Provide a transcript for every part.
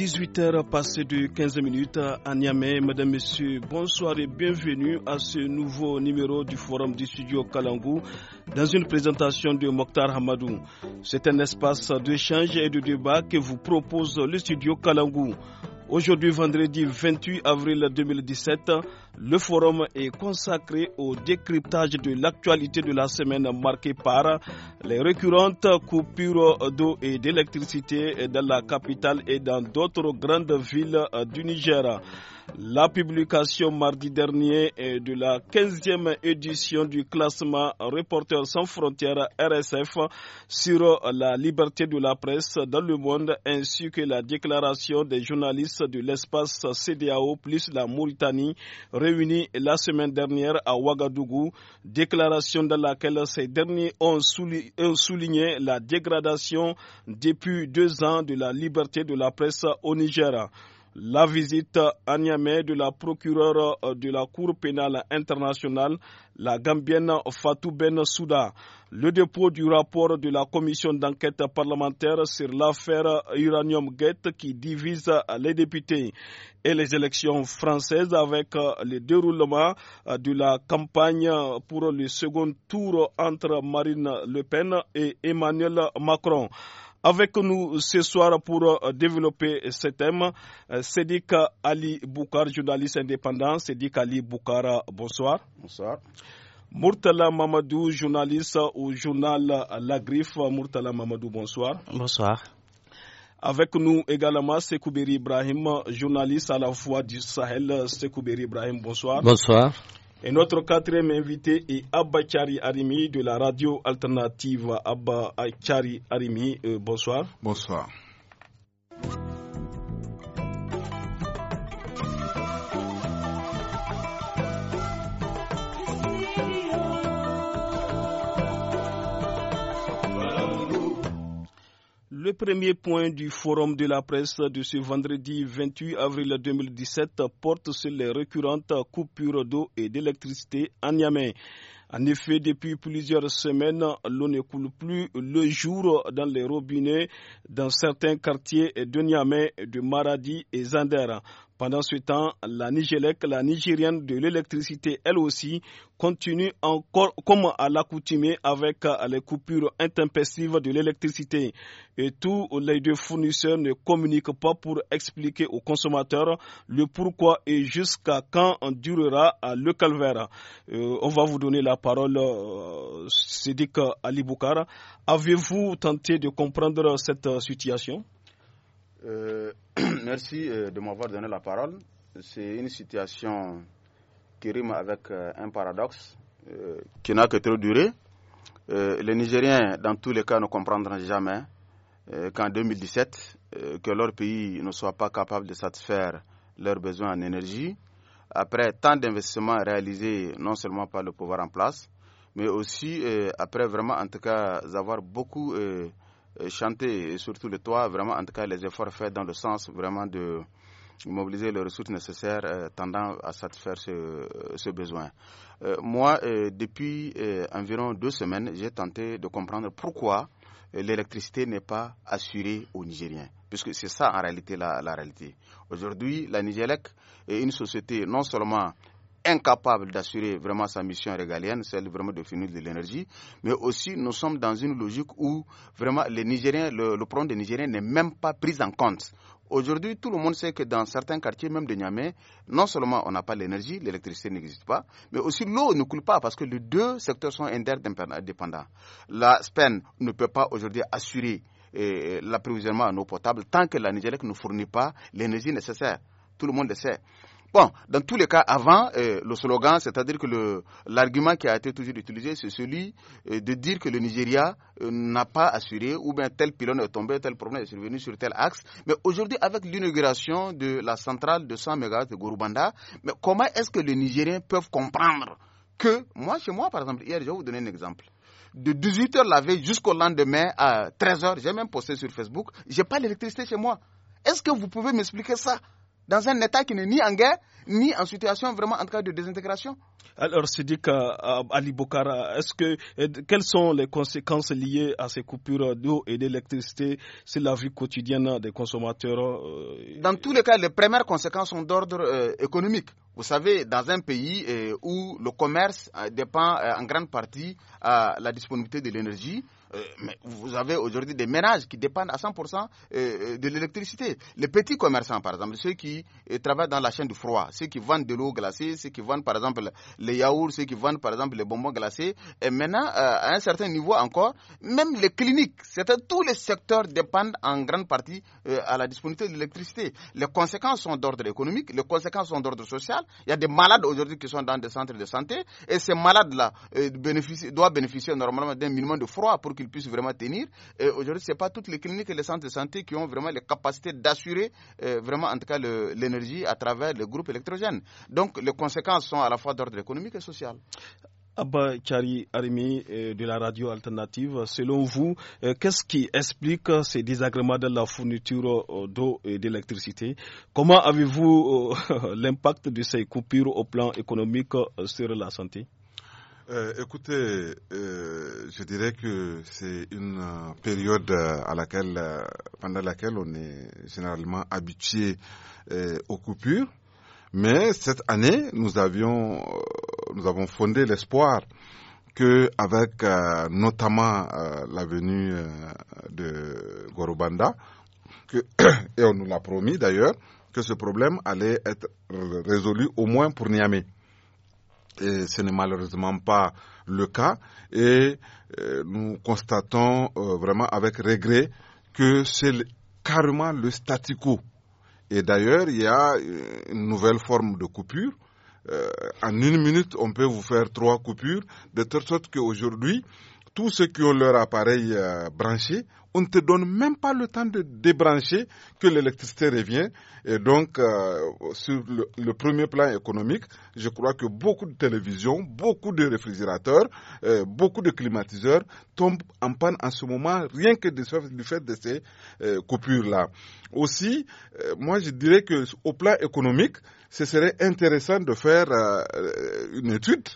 18h passé de 15 minutes à Niamey. Mesdames, Messieurs, bonsoir et bienvenue à ce nouveau numéro du Forum du Studio Kalangou dans une présentation de Mokhtar Hamadou. C'est un espace d'échange et de débat que vous propose le Studio Kalangou. Aujourd'hui, vendredi 28 avril 2017, le forum est consacré au décryptage de l'actualité de la semaine marquée par les récurrentes coupures d'eau et d'électricité dans la capitale et dans d'autres grandes villes du Niger. La publication mardi dernier de la 15e édition du classement Reporters sans frontières RSF sur la liberté de la presse dans le monde ainsi que la déclaration des journalistes de l'espace CDAO plus la Mauritanie réunis la semaine dernière à Ouagadougou, déclaration dans laquelle ces derniers ont souligné la dégradation depuis deux ans de la liberté de la presse au Niger. La visite à Niamey de la procureure de la Cour pénale internationale, la Gambienne Fatou Ben Souda. Le dépôt du rapport de la commission d'enquête parlementaire sur l'affaire Uranium Gate qui divise les députés et les élections françaises avec le déroulement de la campagne pour le second tour entre Marine Le Pen et Emmanuel Macron. Avec nous ce soir pour euh, développer ce thème, euh, Sédic Ali Boukar, journaliste indépendant. Sédic Ali Boukar, euh, bonsoir. Bonsoir. Murtala Mamadou, journaliste au journal La Griffe. Murtala Mamadou, bonsoir. Bonsoir. Avec nous également Sekouberi Ibrahim, journaliste à la fois du Sahel. Sekouberi Ibrahim, bonsoir. Bonsoir. Et notre quatrième invité est Abba Chari Arimi de la radio alternative Abba Chari Arimi. Euh, bonsoir. Bonsoir. Le premier point du forum de la presse de ce vendredi 28 avril 2017 porte sur les récurrentes coupures d'eau et d'électricité à Niamey. En effet, depuis plusieurs semaines, l'eau ne coule plus le jour dans les robinets dans certains quartiers de Niamey, de Maradi et Zander. Pendant ce temps, la Nigélec, la Nigérienne de l'électricité, elle aussi, continue encore comme à l'accoutumée avec euh, les coupures intempestives de l'électricité. Et tous les deux fournisseurs ne communiquent pas pour expliquer aux consommateurs le pourquoi et jusqu'à quand on durera euh, le calvaire. Euh, on va vous donner la parole, Ali Boukar. Avez-vous tenté de comprendre cette situation? Euh, merci euh, de m'avoir donné la parole. C'est une situation qui rime avec euh, un paradoxe qui n'a que trop duré. les Nigériens, dans tous les cas, ne comprendront jamais qu'en 2017, que leur pays ne soit pas capable de satisfaire leurs besoins en énergie, après tant d'investissements réalisés non seulement par le pouvoir en place, mais aussi après vraiment, en tout cas, avoir beaucoup euh, chanter, et surtout le toit, vraiment, en tout cas, les efforts faits dans le sens vraiment de mobiliser les ressources nécessaires euh, tendant à satisfaire ce, euh, besoin. moi, depuis environ deux semaines, j'ai tenté de comprendre pourquoi l'électricité n'est pas assurée aux Nigériens, puisque c'est ça en réalité la réalité. Aujourd'hui, la Nigélec est une société non seulement incapable d'assurer vraiment sa mission régalienne, celle vraiment de finir de l'énergie, mais aussi nous sommes dans une logique où vraiment les Nigériens, le, le problème des Nigériens n'est même pas pris en compte. Aujourd'hui, tout le monde sait que dans certains quartiers, même de Niamey, non seulement on n'a pas l'énergie, l'électricité n'existe pas, mais aussi l'eau ne coule pas parce que les deux secteurs sont interdépendants. La SPEN ne peut pas aujourd'hui assurer eh, l'approvisionnement en eau potable tant que la Nigeria ne fournit pas l'énergie nécessaire. Tout le monde le sait. Bon, dans tous les cas, avant, euh, le slogan, c'est-à-dire que l'argument qui a été toujours utilisé, c'est celui euh, de dire que le Nigeria euh, n'a pas assuré, ou bien tel pylône est tombé, tel problème est survenu sur tel axe. Mais aujourd'hui, avec l'inauguration de la centrale de 100 MW de Gorubanda, comment est-ce que les Nigériens peuvent comprendre que, moi, chez moi, par exemple, hier, je vais vous donner un exemple de 18h la veille jusqu'au lendemain à 13h, j'ai même posté sur Facebook, j'ai pas l'électricité chez moi. Est-ce que vous pouvez m'expliquer ça dans un État qui n'est ni en guerre, ni en situation vraiment en cas de désintégration. Alors, Sidik euh, euh, Ali Bokara, euh, quelles sont les conséquences liées à ces coupures d'eau et d'électricité sur la vie quotidienne des consommateurs Dans tous les cas, les premières conséquences sont d'ordre économique. Vous savez, dans un pays où le commerce dépend en grande partie de la disponibilité de l'énergie, euh, mais vous avez aujourd'hui des ménages qui dépendent à 100% euh, euh, de l'électricité. Les petits commerçants, par exemple, ceux qui travaillent dans la chaîne du froid, ceux qui vendent de l'eau glacée, ceux qui vendent, par exemple, les yaourts, ceux qui vendent, par exemple, les bonbons glacés. Et maintenant, à un certain niveau encore, même les cliniques, c'est-à-dire tous les secteurs dépendent en grande partie à la disponibilité de l'électricité. Les conséquences sont d'ordre économique, les conséquences sont d'ordre social. Il y a des malades aujourd'hui qui sont dans des centres de santé et ces malades-là doivent bénéficier normalement d'un minimum de froid pour qu'ils puissent vraiment tenir. Aujourd'hui, ce n'est pas toutes les cliniques et les centres de santé qui ont vraiment les capacités d'assurer euh, vraiment, en tout cas, l'énergie à travers le groupe électrogène. Donc, les conséquences sont à la fois d'ordre économique et social. Abba Kari Arimi euh, de la radio alternative, selon vous, euh, qu'est-ce qui explique ces désagréments de la fourniture d'eau et d'électricité Comment avez-vous l'impact de ces coupures au plan économique sur la santé euh, écoutez, euh, je dirais que c'est une euh, période à laquelle, pendant laquelle on est généralement habitué aux coupures. Mais cette année, nous avions, nous avons fondé l'espoir que, avec notamment la venue de Gorobanda, et on nous l'a promis d'ailleurs, que ce problème allait être résolu au moins pour Niamey et ce n'est malheureusement pas le cas. Et euh, nous constatons euh, vraiment avec regret que c'est carrément le statu quo. Et d'ailleurs, il y a une nouvelle forme de coupure. Euh, en une minute, on peut vous faire trois coupures, de telle sorte qu'aujourd'hui, tous ceux qui ont leur appareil branché on ne te donne même pas le temps de débrancher que l'électricité revient. Et donc, euh, sur le, premier plan économique, je crois que beaucoup de télévisions, beaucoup de réfrigérateurs, euh, beaucoup de climatiseurs tombent en panne en ce moment, rien que du fait de ces euh, coupures-là. Aussi, moi je dirais que au plan économique, ce serait intéressant de faire une étude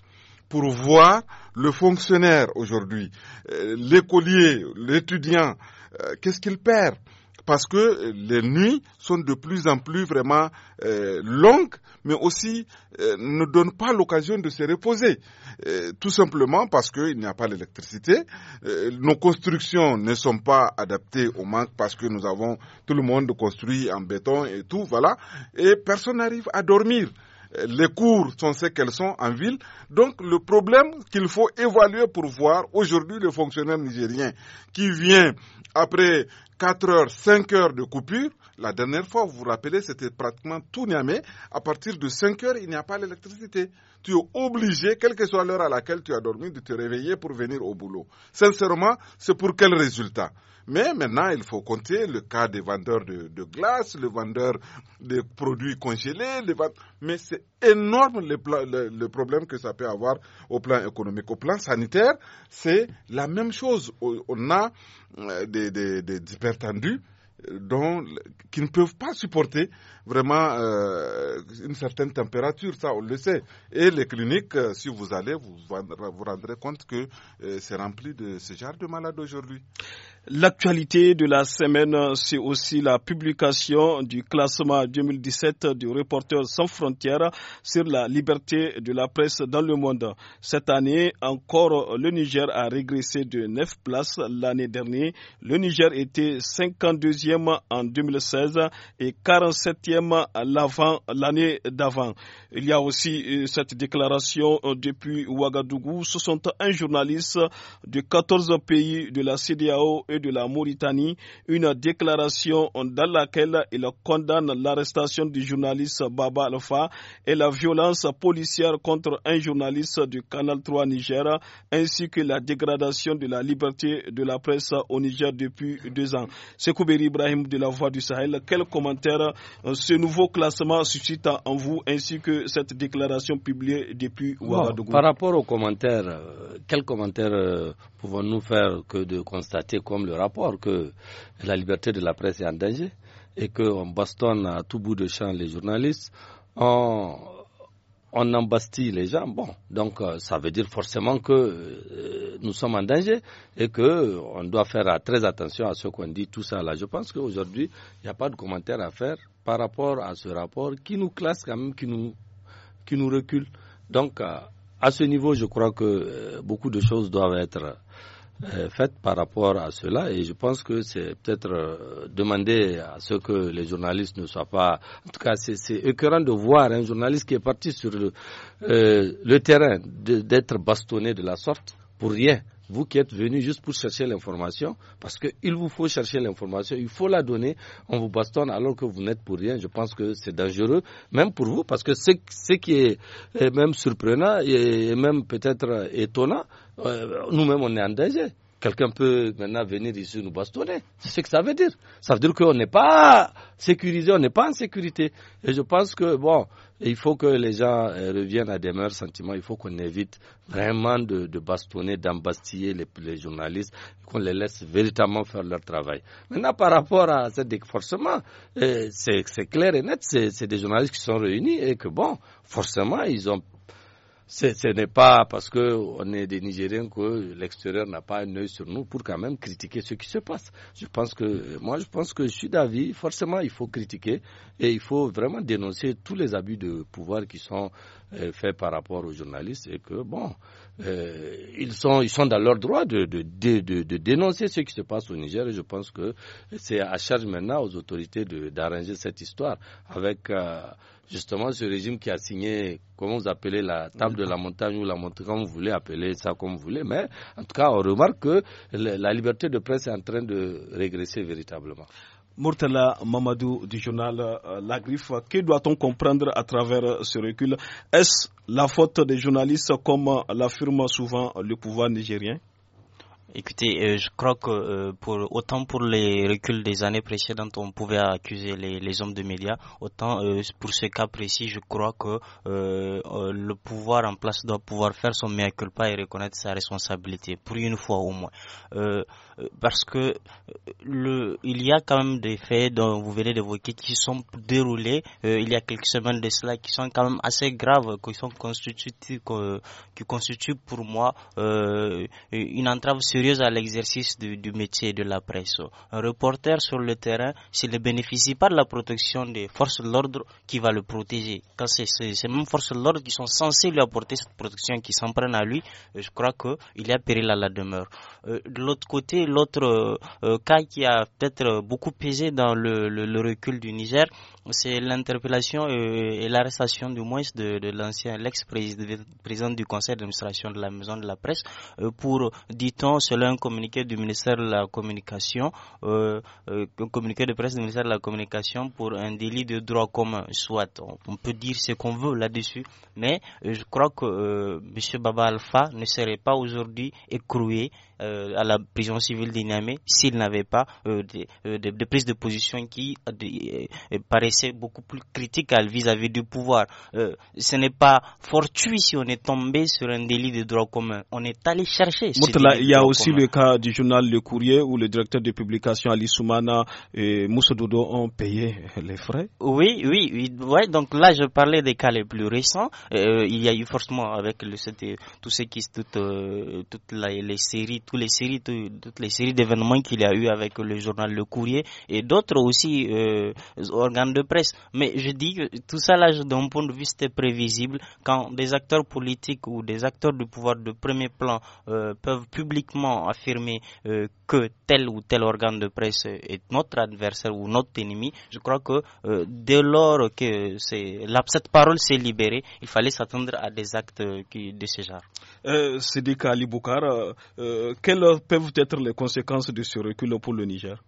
pour voir le fonctionnaire aujourd'hui, euh, l'écolier, l'étudiant, euh, qu'est-ce qu'il perd parce que les nuits sont de plus en plus vraiment euh, longues, mais aussi ne donnent pas l'occasion de se reposer. tout simplement parce qu'il n'y a pas d'électricité. nos constructions ne sont pas adaptées au manque parce que nous avons tout le monde construit en béton et tout, voilà. Et personne n'arrive à dormir les cours sont ce qu'elles sont en ville. Donc le problème qu'il faut évaluer pour voir aujourd'hui le fonctionnaire nigérien qui vient après 4 heures, 5 heures de coupure, la dernière fois, vous vous rappelez, c'était pratiquement tout niamé, À partir de 5 heures, il n'y a pas l'électricité. Tu es obligé, quelle que soit l'heure à laquelle tu as dormi, de te réveiller pour venir au boulot. Sincèrement, c'est pour quel résultat mais maintenant, il faut compter le cas des vendeurs de, glace, le vendeur de produits congelés. Les Mais c'est énorme le, le, problème que ça peut avoir au plan économique. Au plan sanitaire, c'est la même chose. On a euh, des, des, hypertendus euh, dont, qui ne peuvent pas supporter vraiment euh, une certaine température, ça on le sait. Et les cliniques, si vous allez, vous vous rendrez compte que c'est rempli de ce genre de malades aujourd'hui. L'actualité de la semaine, c'est aussi la publication du classement 2017 du Reporter sans frontières sur la liberté de la presse dans le monde. Cette année, encore, le Niger a régressé de 9 places l'année dernière. Le Niger était 52e en 2016 et 47e l'année d'avant. Il y a aussi euh, cette déclaration euh, depuis Ouagadougou. un journalistes de 14 pays de la CDAO de la Mauritanie, une déclaration dans laquelle il condamne l'arrestation du journaliste Baba Alpha et la violence policière contre un journaliste du Canal 3 Niger, ainsi que la dégradation de la liberté de la presse au Niger depuis deux ans. Sekouberi Ibrahim de la Voix du Sahel, quel commentaire euh, ce nouveau classement suscite en vous ainsi que cette déclaration publiée depuis Ouagadougou Par rapport aux commentaires, euh, quels commentaires euh, pouvons-nous faire que de constater comme le rapport que la liberté de la presse est en danger et qu'on bastonne à tout bout de champ les journalistes, on, embastille les gens. Bon, donc euh, ça veut dire forcément que euh, nous sommes en danger et qu'on euh, doit faire très attention à ce qu'on dit, tout ça. Là, je pense qu'aujourd'hui, il n'y a pas de commentaire à faire par rapport à ce rapport qui nous classe quand même, qui nous, qui nous recule. Donc, à ce niveau, je crois que beaucoup de choses doivent être euh, faites par rapport à cela et je pense que c'est peut-être euh, demander à ce que les journalistes ne soient pas en tout cas c'est écœurant de voir un journaliste qui est parti sur le, euh, le terrain d'être bastonné de la sorte pour rien vous qui êtes venu juste pour chercher l'information, parce qu'il vous faut chercher l'information, il faut la donner, on vous bastonne alors que vous n'êtes pour rien. Je pense que c'est dangereux, même pour vous, parce que ce, ce qui est, même surprenant et même peut-être étonnant, euh, nous-mêmes on est en danger. Quelqu'un peut maintenant venir ici nous bastonner. C'est ce que ça veut dire. Ça veut dire qu'on n'est pas sécurisé, on n'est pas en sécurité. Et je pense que, bon, il faut que les gens euh, reviennent à des meilleurs sentiments. Il faut qu'on évite vraiment de, bastonner, d'embastiller les, journalistes, qu'on les laisse véritablement faire leur travail. Maintenant, par rapport à ce forcément, euh, c'est clair et net, c'est des journalistes qui sont réunis et que, bon, forcément, ils ont ce n'est pas parce qu'on est des Nigériens que l'extérieur n'a pas un œil sur nous pour quand même critiquer ce qui se passe. Je pense que, moi, je pense que je suis d'avis, forcément, il faut critiquer et il faut vraiment dénoncer tous les abus de pouvoir qui sont euh, faits par rapport aux journalistes et que, bon, euh, ils, sont, ils sont dans leur droit de, de, de, dénoncer ce qui se passe au Niger et je pense que c'est à charge maintenant aux autorités d'arranger cette histoire avec. Euh, justement ce régime qui a signé, comment vous appelez la table de la montagne ou la montagne, comme vous voulez appeler ça comme vous voulez, mais en tout cas, on remarque que la liberté de presse est en train de régresser véritablement. Murtala Mamadou du journal euh, La Griffe, que doit-on comprendre à travers ce recul Est-ce la faute des journalistes comme l'affirme souvent le pouvoir nigérien Écoutez, euh, je crois que euh, pour autant pour les reculs des années précédentes, on pouvait accuser les, hommes de médias, autant euh, pour ce cas précis, je crois que le pouvoir en place doit pouvoir faire son meilleur culpa et reconnaître sa responsabilité, pour une fois au moins. Euh, parce que euh, le, il y a quand même des faits dont vous venez d'évoquer qui sont déroulés euh, il y a quelques semaines de cela qui sont quand même assez graves, qui sont constitutifs, qui constituent pour moi une entrave sérieuse à l'exercice du, métier de la presse. Un reporter sur le terrain, s'il ne bénéficie pas de la protection des forces de l'ordre, qui va le protéger Quand c'est ces mêmes forces de l'ordre qui sont censées lui apporter cette protection, qui s'en prennent à lui, je crois qu'il y a péril à la demeure. de l'autre côté, l'autre euh, cas qui a peut-être beaucoup pesé dans le, recul du Niger, c'est l'interpellation euh, et, l'arrestation du moins de, l'ancien, l'ex-président du conseil d'administration de la maison de la presse euh, pour, dit-on, selon un communiqué du ministère de la communication, euh, un communiqué de presse du ministère de la communication pour un délit de droit commun, soit. On, peut dire ce qu'on veut là-dessus, mais je crois que monsieur M. Baba Alpha ne serait pas aujourd'hui écroué à la prison civile d'Inamé s'il n'avait pas de, de, prise de position qui paraît c'est beaucoup plus critique vis-à-vis du pouvoir. Euh, ce n'est pas fortuit si on est tombé sur un délit de droit commun. On est allé chercher. Là, il y a aussi le cas du journal Le Courrier où le directeur de publication Ali Soumana et Moussa ont payé les frais. Oui, oui, donc là, je parlais des cas les plus récents. Euh, il y a eu forcément avec tout ce qui, toute, euh, toutes les séries, toutes les séries, toutes les séries d'événements qu'il y a eu avec le journal Le Courrier et d'autres aussi organes de presse. Mais je dis que tout ça, là, d'un point de vue, c'était prévisible. Quand des acteurs politiques ou des acteurs de pouvoir de premier plan euh, peuvent publiquement affirmer euh, que tel ou tel organe de presse est notre adversaire ou notre ennemi, je crois que euh, dès lors que cette parole s'est libérée, il fallait s'attendre à des actes de ce genre. Euh, quelles peuvent être les conséquences de ce recul pour le Niger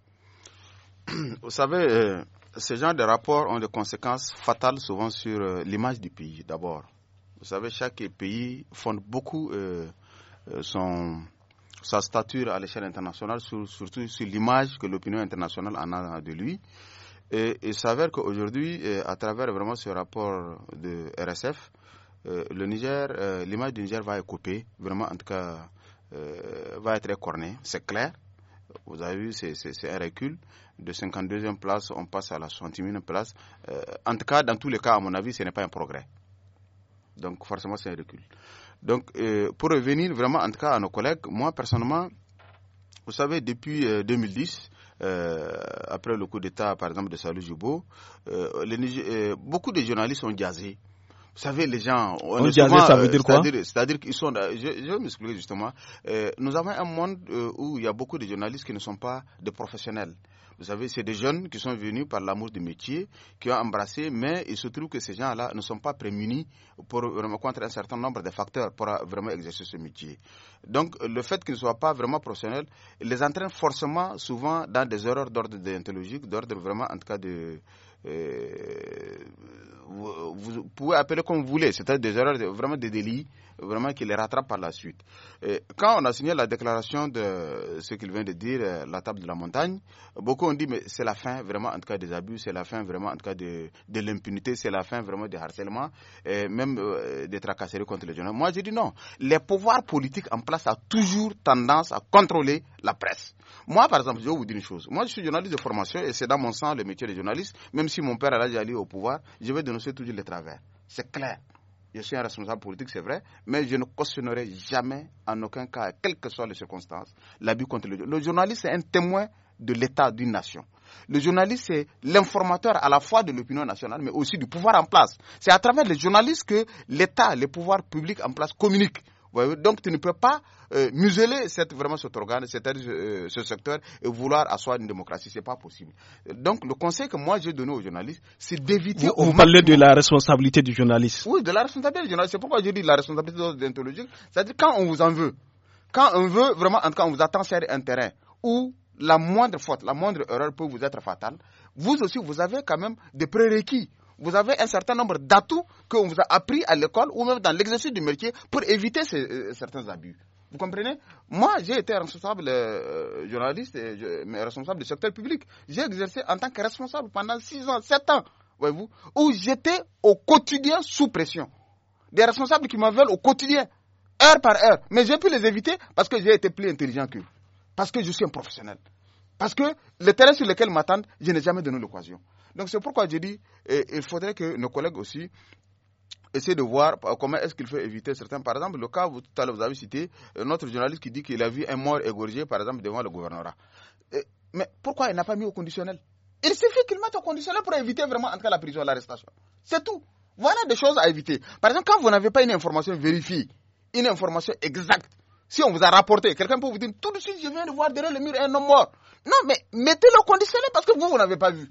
Vous savez, ce genre de rapports ont des conséquences fatales souvent sur euh, l'image du pays, d'abord. Vous savez, chaque pays fonde beaucoup euh, euh, sa stature à l'échelle internationale, surtout sur l'image que l'opinion internationale en a de lui. Et il s'avère qu'aujourd'hui, à travers vraiment ce rapport de RSF, l'image du Niger va être coupée, vraiment en tout cas, va être écornée, c'est clair vous avez vu, c'est un recul. De 52e place, on passe à la 61e place. Euh, en tout cas, dans tous les cas, à mon avis, ce n'est pas un progrès. Donc, forcément, c'est un recul. Donc, euh, pour revenir vraiment, en tout cas, à nos collègues, moi, personnellement, vous savez, depuis 2010, euh, après le coup d'État, par exemple, de Salou Jubo, beaucoup de journalistes ont gazé vous savez, les gens. On ça veut dire euh, quoi C'est-à-dire qu'ils sont. Je, vais m'expliquer justement. Euh, nous avons un monde euh, où il y a beaucoup de journalistes qui ne sont pas des professionnels. Vous savez, c'est des jeunes qui sont venus par l'amour du métier, qui ont embrassé, mais il se trouve que ces gens-là ne sont pas prémunis pour vraiment contre un certain nombre de facteurs pour vraiment exercer ce métier. Donc, le fait qu'ils ne soient pas vraiment professionnels les entraîne forcément souvent dans des erreurs d'ordre déontologique, d'ordre vraiment, en tout cas, de, euh, vous, pouvez appeler comme vous voulez, c'est-à-dire des erreurs vraiment des délits vraiment qu'il les rattrape par la suite. quand on a signé la déclaration de ce qu'il vient de dire, euh, la table de la montagne, beaucoup ont dit mais c'est la fin vraiment en tout cas des abus, c'est la fin vraiment en tout cas de, de l'impunité, c'est la fin vraiment des harcèlement, même euh, des tracasseries contre les journalistes. Moi j'ai dit non, les pouvoirs politiques en place ont toujours tendance à contrôler la presse. Moi par exemple, je vais vous dire une chose, moi je suis journaliste de formation et c'est dans mon sang le métier de journaliste, même si mon père a déjà allé au pouvoir, je vais dénoncer toujours les travers. C'est clair je suis un responsable politique, c'est vrai, mais je ne cautionnerai jamais, en aucun cas, quelles que soient les circonstances, l'abus contre le journaliste. Le journaliste est un témoin de l'état d'une nation. Le journaliste est l'informateur à la fois de l'opinion nationale, mais aussi du pouvoir en place. C'est à travers le journaliste que l'État, les pouvoirs publics en place communiquent. Donc tu ne peux pas euh, museler cette, vraiment cet organe, euh, ce secteur et vouloir asseoir une démocratie. Ce n'est pas possible. Donc le conseil que moi j'ai donné aux journalistes, c'est d'éviter... Vous, parlez de la responsabilité du journaliste. Oui, de la responsabilité du journaliste. C'est pourquoi je dis la responsabilité déontologique. C'est-à-dire quand on vous en veut, quand on veut vraiment, en on vous attend sur un terrain où la moindre faute, la moindre erreur peut vous être fatale, vous aussi vous avez quand même des prérequis vous avez un certain nombre d'atouts qu'on vous a appris à l'école ou même dans l'exercice du métier pour éviter euh, certains abus. Vous comprenez Moi, j'ai été responsable euh, journaliste, et, responsable du secteur public. J'ai exercé en tant que responsable pendant 6 ans, 7 ans, voyez-vous, où j'étais au quotidien sous pression. Des responsables qui m'en veulent au quotidien, heure par heure. Mais j'ai pu les éviter parce que j'ai été plus intelligent qu'eux. Parce que je suis un professionnel. Parce que le terrain sur lequel m'attendent, je n'ai jamais donné l'occasion. Donc c'est pourquoi je dis, eh, il faudrait que nos collègues aussi essayent de voir comment est-ce qu'il faut éviter certains. Par exemple, le cas, vous, tout à l'heure, vous avez cité euh, notre journaliste qui dit qu'il a vu un mort égorgé, par exemple, devant le gouvernorat. Eh, mais pourquoi il n'a pas mis au conditionnel Il suffit qu'il mette au conditionnel pour éviter vraiment, en tout la prison, l'arrestation. C'est tout. Voilà des choses à éviter. Par exemple, quand vous n'avez pas une information vérifiée, une information exacte, si on vous a rapporté, quelqu'un peut vous dire tout de suite, je viens de voir derrière le mur un homme mort. Non, mais mettez le conditionnel parce que vous, vous n'avez pas vu.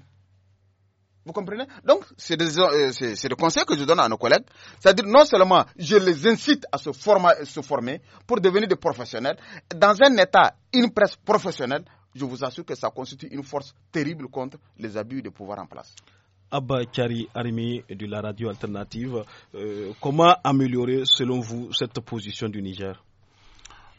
Vous comprenez Donc, c'est des, euh, conseil conseils que je donne à nos collègues. C'est-à-dire, non seulement je les incite à se, former, pour devenir des professionnels, dans un État, une presse professionnelle, je vous assure que ça constitue une force terrible contre les abus de pouvoir en place. Abba Kari Arimi de la radio alternative, euh, comment améliorer selon vous cette position du Niger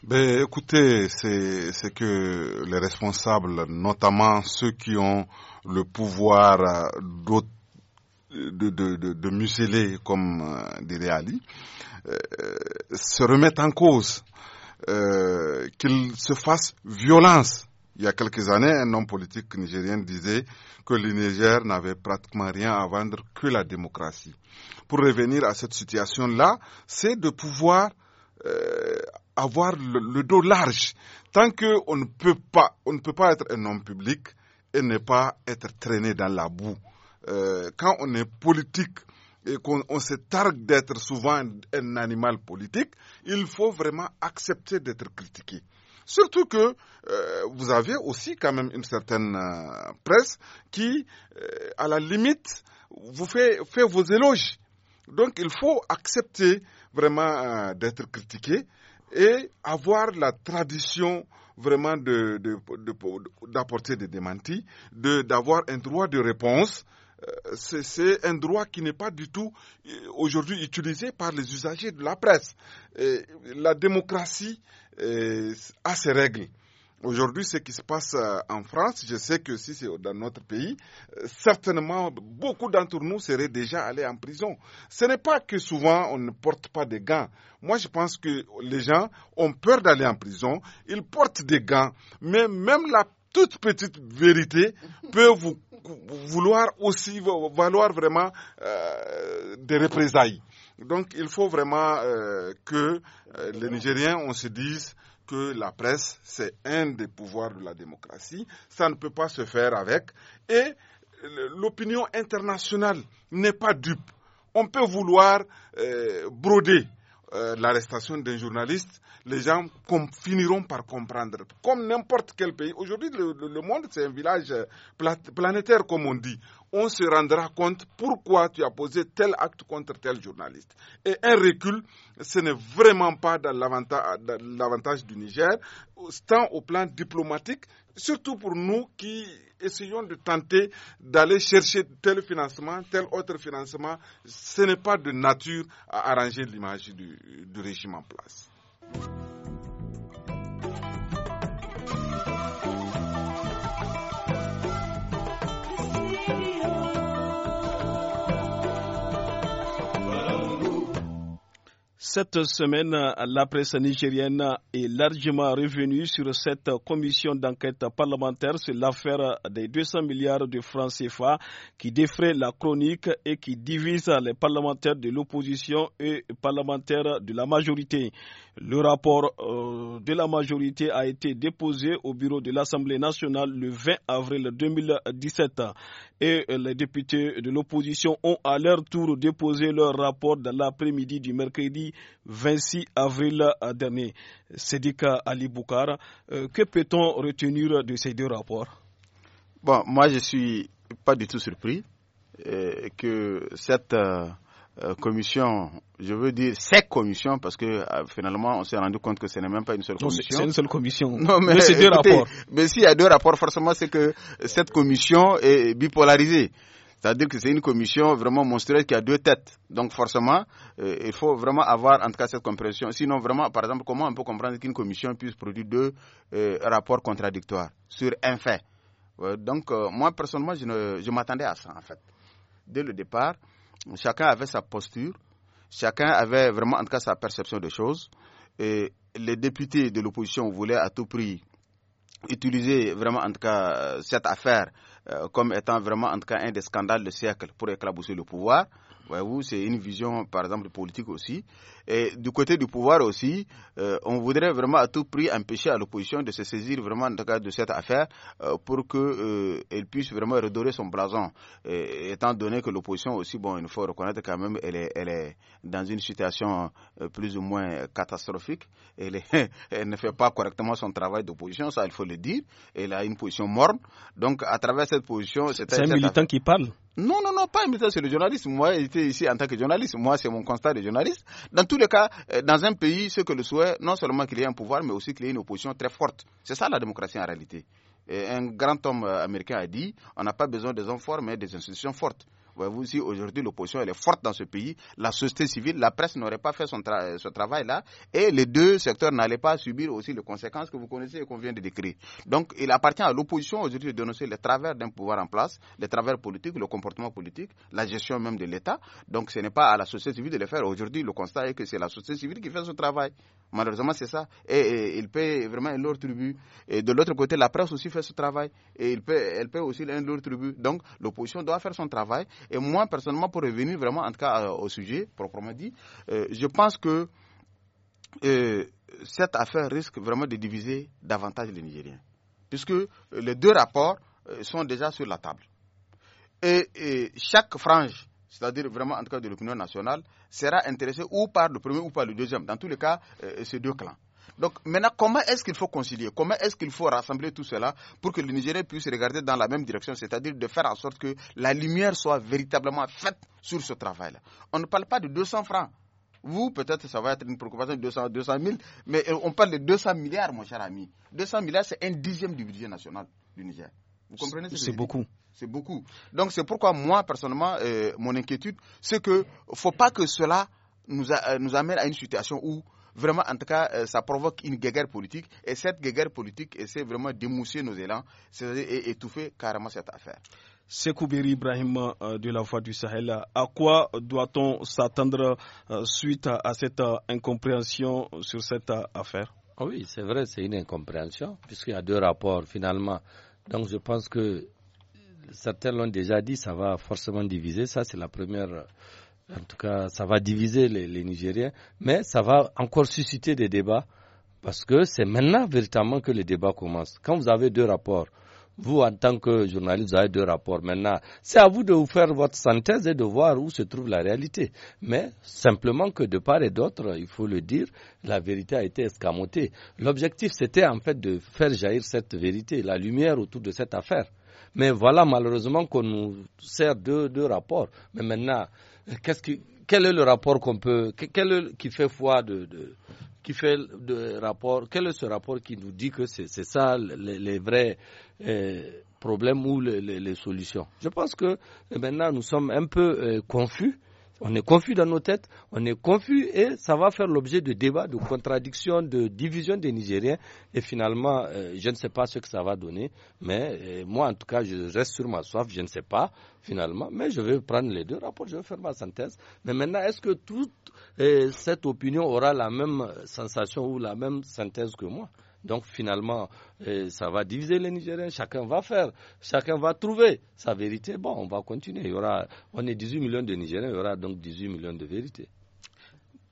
ben, écoutez, c'est que les responsables, notamment ceux qui ont le pouvoir euh, de, de, de, museler comme euh, des réalis, euh, se remettent en cause, euh, qu'ils se fassent violence. Il y a quelques années, un homme politique nigérien disait que le Niger n'avait pratiquement rien à vendre que la démocratie. Pour revenir à cette situation-là, c'est de pouvoir avoir le, dos large. Tant qu'on ne peut pas, on ne peut pas être un homme public et ne pas être traîné dans la boue. Euh, quand on est politique et qu'on se targue d'être souvent un animal politique, il faut vraiment accepter d'être critiqué. Surtout que euh, vous avez aussi quand même une certaine euh, presse qui, à la limite, vous fait, fait vos éloges. Donc il faut accepter vraiment d'être critiqué et avoir la tradition vraiment d'apporter des démentis, d'avoir un droit de réponse. Euh, c'est un droit qui n'est pas du tout euh, aujourd'hui utilisé par les usagers de la presse. la démocratie euh, a ses règles. Aujourd'hui, ce qui se passe euh, en France, je sais que si c'est dans notre pays, euh, certainement beaucoup d'entre nous seraient déjà allés en prison. Ce n'est pas que souvent on ne porte pas des gants. Moi, je pense que les gens ont peur d'aller en prison. Ils portent des gants. Mais même la toute petite vérité peut vous vouloir aussi valoir vraiment euh, des représailles. Donc il faut vraiment que les Nigériens, on se dise, que la presse, c'est un des pouvoirs de la démocratie. Ça ne peut pas se faire avec. Et l'opinion internationale n'est pas dupe. On peut vouloir euh, broder euh, l'arrestation d'un journaliste, les gens finiront par comprendre. Comme n'importe quel pays. Aujourd'hui, le, monde, c'est un village euh, planétaire, comme on dit on se rendra compte pourquoi tu as posé tel acte contre tel journaliste. Et un recul, ce n'est vraiment pas dans l'avantage du Niger, tant au plan diplomatique, surtout pour nous qui essayons de tenter d'aller chercher tel financement, tel autre financement, ce n'est pas de nature à arranger l'image du, du régime en place. Cette semaine, la presse nigérienne est largement revenue sur cette commission d'enquête parlementaire sur l'affaire des 200 milliards de francs CFA qui défraient la chronique et qui divise les parlementaires de l'opposition et les parlementaires de la majorité. Le rapport euh, de la majorité a été déposé au bureau de l'Assemblée nationale le 20 avril 2017 et euh, les députés de l'opposition ont à leur tour déposé leur rapport dans l'après-midi du mercredi 26 avril dernier. Sédika Ali Boukar, euh, que peut-on retenir de ces deux rapports Bon, moi je ne suis pas du tout surpris que cette euh, commission, je veux dire ces commissions, parce que euh, finalement on s'est rendu compte que ce n'est même pas une seule commission. C'est une seule commission. mais, c'est deux rapports. Mais s'il y a deux rapports, forcément c'est que cette commission est bipolarisée. C'est-à-dire que c'est une commission vraiment monstrueuse qui a deux têtes. Donc forcément, euh, il faut vraiment avoir en tout cas cette compréhension. Sinon vraiment, par exemple, comment on peut comprendre qu'une commission puisse produire deux rapports contradictoires sur un fait Donc moi personnellement, je m'attendais à ça en fait. Dès le départ, chacun avait sa posture, chacun avait vraiment en tout cas sa perception des choses. Et les députés de l'opposition voulaient à tout prix utiliser vraiment en tout cas euh, cette affaire euh, comme étant vraiment en tout cas un des scandales du siècle pour éclabousser le pouvoir vous c'est une vision, par exemple, politique aussi. Et du côté du pouvoir aussi, euh, on voudrait vraiment à tout prix empêcher à l'opposition de se saisir vraiment, de cette affaire euh, pour qu'elle euh, elle puisse vraiment redorer son blason. étant donné que l'opposition aussi, bon, il faut reconnaître quand même, elle est, dans une situation plus ou moins catastrophique. Elle, ne fait pas correctement son travail d'opposition, ça, il faut le dire. Elle a une position morne. Donc, à travers cette position, c'est un militant qui parle. Non, non, non, pas un c'est le journaliste. Moi, j'étais ici en tant que journaliste. Moi, c'est mon constat de journaliste. Dans tous les cas, euh, dans un pays, ce que le souhait, non seulement qu'il y ait un pouvoir, mais aussi qu'il y ait une opposition très forte. C'est ça la démocratie en réalité. un grand homme euh, américain a dit on n'a pas besoin des hommes forts, mais des institutions fortes vous si aujourd'hui l'opposition est forte dans ce pays, la société civile, la presse n'aurait pas fait son euh, ce travail-là et les deux secteurs n'allaient pas subir aussi les conséquences que vous connaissez et qu'on vient de décrire. Donc, il appartient à l'opposition aujourd'hui de dénoncer les travers d'un pouvoir en place, les travers politiques, le comportement politique, la gestion même de l'État. Donc, ce n'est pas à la société civile de le faire. Aujourd'hui, le constat est que c'est la société civile qui fait ce travail. Malheureusement, c'est ça. Et, il paie vraiment un lourd tribut. Et de l'autre côté, la presse aussi fait ce travail. Et elle paie aussi un lourd tribut. Donc, l'opposition doit faire son travail. Et moi, personnellement, pour revenir vraiment, en tout cas, euh, au sujet, proprement dit, euh, je pense que euh, cette affaire risque vraiment de diviser davantage les Nigériens. Puisque les deux rapports sont déjà sur la table. Et, chaque frange, c'est-à-dire vraiment en tout cas de l'opinion nationale, sera intéressée ou par le premier ou par le deuxième. Dans tous les cas, ces deux clans. Donc maintenant, comment est-ce qu'il faut concilier Comment est-ce qu'il faut rassembler tout cela pour que le Nigeria puisse regarder dans la même direction, c'est-à-dire de faire en sorte que la lumière soit véritablement faite sur ce travail-là On ne parle pas de 200 francs. Vous, peut-être, ça va être une préoccupation de 200, 200 000, mais euh, on parle de 200 milliards, mon cher ami. 200 milliards, c'est un dixième du budget national du Niger. Vous comprenez C'est beaucoup. C'est beaucoup. Donc, c'est pourquoi, moi, personnellement, euh, mon inquiétude, c'est que faut pas que cela nous euh, amène à une situation où Vraiment, en tout cas, euh, ça provoque une guerre politique. Et cette guerre politique euh, essaie vraiment d'émousser nos élans c'est-à-dire étouffer carrément cette affaire. Sekouberi Ibrahim euh, de la Voix du Sahel. À quoi doit-on s'attendre suite à cette incompréhension sur cette affaire ah Oui, c'est vrai, c'est une incompréhension, puisqu'il y a deux rapports finalement. Donc je pense que certains l'ont déjà dit, ça va forcément diviser. Ça, c'est la première en tout cas, ça va diviser les, Nigériens, mais ça va encore susciter des débats parce que c'est maintenant véritablement que les débats commencent. Quand vous avez deux rapports, vous, en tant que journaliste, vous avez deux rapports. Maintenant, c'est à vous de vous faire votre synthèse et de voir où se trouve la réalité. Mais simplement que de part et d'autre, il faut le dire, la vérité a été escamotée. L'objectif, c'était en fait de faire jaillir cette vérité, la lumière autour de cette affaire. Mais voilà, malheureusement, qu'on nous sert deux, deux rapports. Mais maintenant, Qu'est-ce qui, quel est le rapport qu'on peut, quel qui fait foi de, de qui fait de rapport, quel est ce rapport qui nous dit que c'est ça les, vrais euh, problèmes ou les, solutions Je pense que eh, maintenant nous sommes un peu euh, confus on est confus dans nos têtes, on est confus et ça va faire l'objet de débats, de contradictions, de divisions des Nigériens. Et finalement, euh, je ne sais pas ce que ça va donner, mais euh, moi en tout cas, je reste sur ma soif, je ne sais pas finalement, mais je vais prendre les deux rapports, je vais faire ma synthèse. Mais maintenant, est-ce que toute euh, cette opinion aura la même sensation ou la même synthèse que moi donc finalement, euh, ça va diviser les Nigériens. Chacun va faire, chacun va trouver sa vérité. Bon, on va continuer. Il y on est 18 millions de Nigériens, il y aura donc 18 millions de vérités.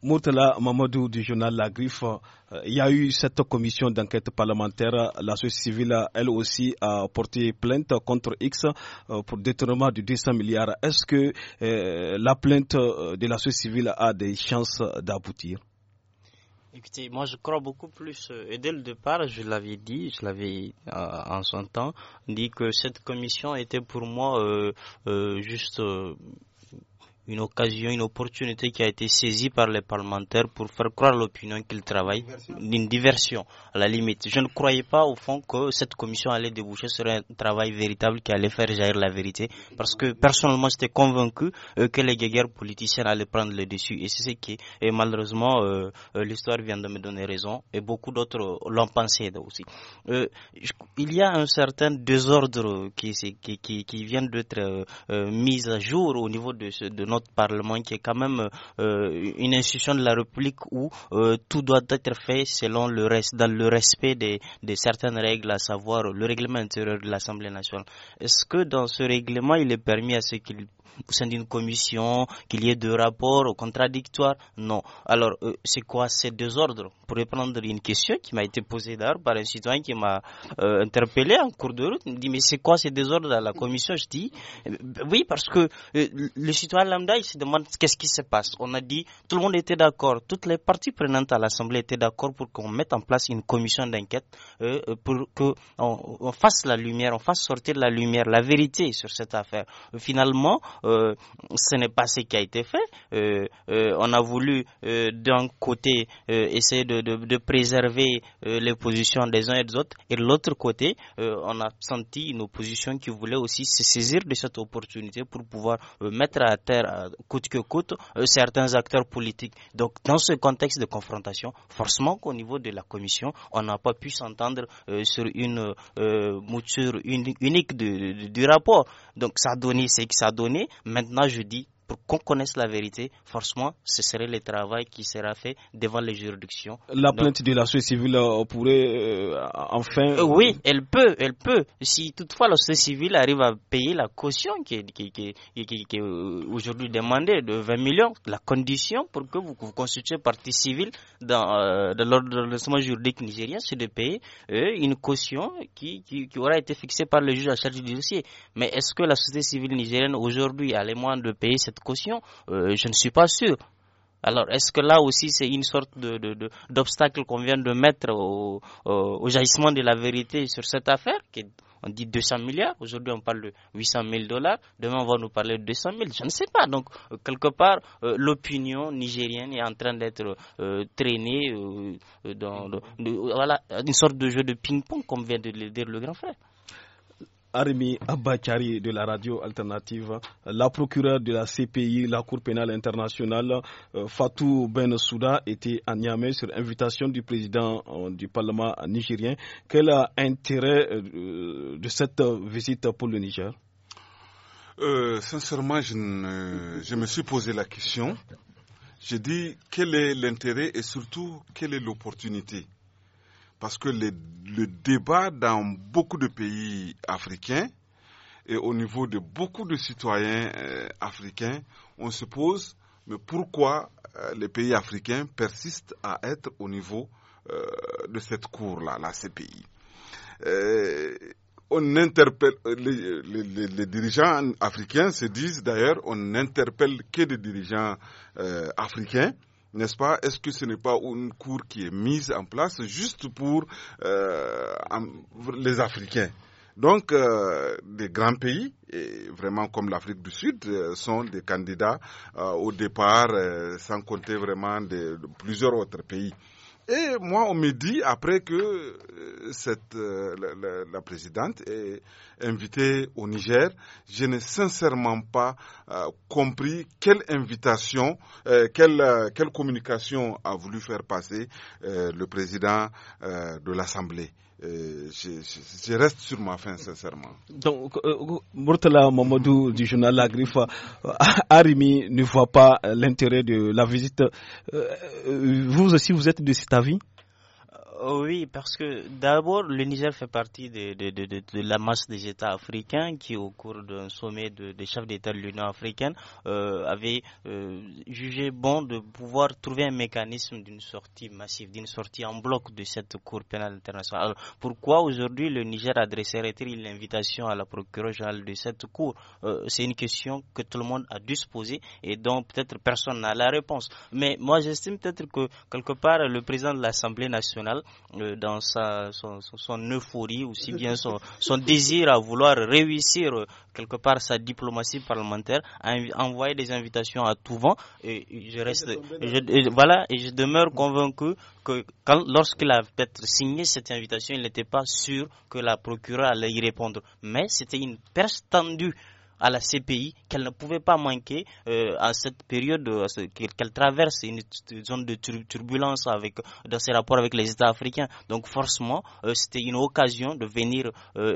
Moutala Mamadou du journal La Griffe, euh, il y a eu cette commission d'enquête parlementaire. La société civile, elle aussi, a porté plainte contre X euh, pour détournement de 200 milliards. Est-ce que la plainte de la société civile a des chances d'aboutir moi je crois beaucoup plus, euh, et dès le départ, je l'avais dit, je l'avais euh, en son temps, dit que cette commission était pour moi euh, juste une occasion, une opportunité qui a été saisie par les parlementaires pour faire croire l'opinion qu'ils travaillent, d'une diversion à la limite. Je ne croyais pas au fond que cette commission allait déboucher sur un travail véritable qui allait faire jaillir la vérité, parce que personnellement j'étais convaincu euh, que les guerres politiciens allaient prendre le dessus, et c'est ce qui, et malheureusement, euh, euh, l'histoire vient de me donner raison, et beaucoup d'autres l'ont pensé aussi. il y a un certain désordre qui, qui, qui, vient d'être mis à jour au niveau de, de Parlement, qui est quand même euh, une institution de la République où euh, tout doit être fait selon le reste, dans le respect des, de certaines règles, à savoir le règlement intérieur de l'Assemblée nationale. Est-ce que dans ce règlement, il est permis à ceux qu'il au sein d'une commission, qu'il y ait deux rapports contradictoires. Non. Alors, euh, c'est quoi ces désordres Pour reprendre une question qui m'a été posée d'ailleurs par un citoyen qui m'a euh, interpellé en cours de route, il me dit, mais c'est quoi ces désordres la commission Je dis, euh, ben oui, parce que le citoyen lambda, il se demande qu'est-ce qui se passe. On a dit, tout le monde était d'accord, toutes les parties prenantes à l'Assemblée étaient d'accord pour qu'on mette en place une commission d'enquête, pour qu'on on fasse la lumière, on fasse sortir la lumière, la vérité sur cette affaire. Finalement, euh, ce n'est pas ce qui a été fait. Euh, euh, on a voulu d'un côté essayer de, préserver les positions des uns et des autres et de l'autre côté on a senti une opposition qui voulait aussi se saisir de cette opportunité pour pouvoir mettre à terre coûte que coûte certains acteurs politiques. Donc dans ce contexte de confrontation, forcément qu'au niveau de la commission, on n'a pas pu s'entendre sur une mouture unique du, du, rapport. Donc ça a donné ce que ça a donné. Maintenant, je dis pour qu'on connaisse la vérité, forcément, ce serait le travail qui sera fait devant les juridictions. La plainte de la société civile euh, pourrait euh, enfin. Euh, oui, elle peut, elle peut. Si toutefois la société civile arrive à payer la caution qui est, aujourd'hui demandée de 20 millions, la condition pour que vous constituiez partie civile dans, l'ordre de juridique nigérien, c'est de payer une caution qui, qui, aura été fixée par le juge à charge du dossier. Mais est-ce que la société civile nigérienne aujourd'hui a les moyens de payer cette caution, euh, je ne suis pas sûr. Alors, est-ce que là aussi, c'est une sorte d'obstacle qu'on vient de mettre au, jaillissement de la vérité sur cette affaire qui On dit 200 milliards, aujourd'hui on parle de 800 000 dollars, demain on va nous parler de 200 000, je ne sais pas. Donc, euh, quelque part, euh, l'opinion nigérienne est en train d'être traînée dans, voilà, une sorte de jeu de ping-pong, comme vient de le dire le grand frère. Armi Abbachari de la radio alternative, la procureure de la CPI, la Cour pénale internationale, euh, Fatou Ben Souda, était à Niamey sur invitation du président euh, du Parlement nigérien. Quel est l'intérêt euh, de cette visite pour le Niger Sincèrement, je, je, me suis posé la question. J'ai dit quel est l'intérêt et surtout quelle est l'opportunité parce que le débat dans beaucoup de pays africains et au niveau de beaucoup de citoyens euh, africains, on se pose pourquoi euh, les pays africains persistent à être au niveau euh, de cette cour-là, la CPI on interpelle les, les, dirigeants africains se disent d'ailleurs on n'interpelle que des dirigeants africains n'est-ce pas Est-ce que ce n'est pas une cour qui est mise en place juste pour euh, les Africains donc, euh, des grands pays, vraiment comme l'Afrique du Sud, euh, sont des candidats euh, au départ, sans compter vraiment de plusieurs autres pays. Et moi, on me dit après que euh, cette, euh, la, présidente est invitée au Niger, je n'ai sincèrement pas euh, compris quelle invitation, quelle, quelle, communication a voulu faire passer le président de l'Assemblée. je, reste sur ma fin, sincèrement. Donc, Murtala Mamadou du journal La Griffe, Arimi ne voit pas l'intérêt de la visite. vous aussi, vous êtes de cette ta vie oui, parce que d'abord, le Niger fait partie de, la masse des États africains qui, au cours d'un sommet des chefs d'État de l'Union africaine, euh, avait euh, jugé bon de pouvoir trouver un mécanisme d'une sortie massive, d'une sortie en bloc de cette Cour pénale internationale. Alors, pourquoi aujourd'hui le Niger adresserait-il l'invitation à la procureure générale de cette Cour euh, C'est une question que tout le monde a dû se poser et dont peut-être personne n'a la réponse. Mais moi, j'estime peut-être que quelque part, le président de l'Assemblée nationale euh, dans son, son, euphorie, aussi bien son, désir à vouloir réussir euh, quelque part sa diplomatie parlementaire, a envoyé des invitations à tout vent. Et je reste, je, voilà, et je demeure convaincu que lorsqu'il a peut-être signé cette invitation, il n'était pas sûr que la procureure allait y répondre. Mais c'était une perche tendue à la CPI qu'elle ne pouvait pas manquer euh, à cette période euh, qu'elle traverse une zone de turbulence avec, dans ses rapports avec les États africains. Donc forcément, euh, c'était une occasion de venir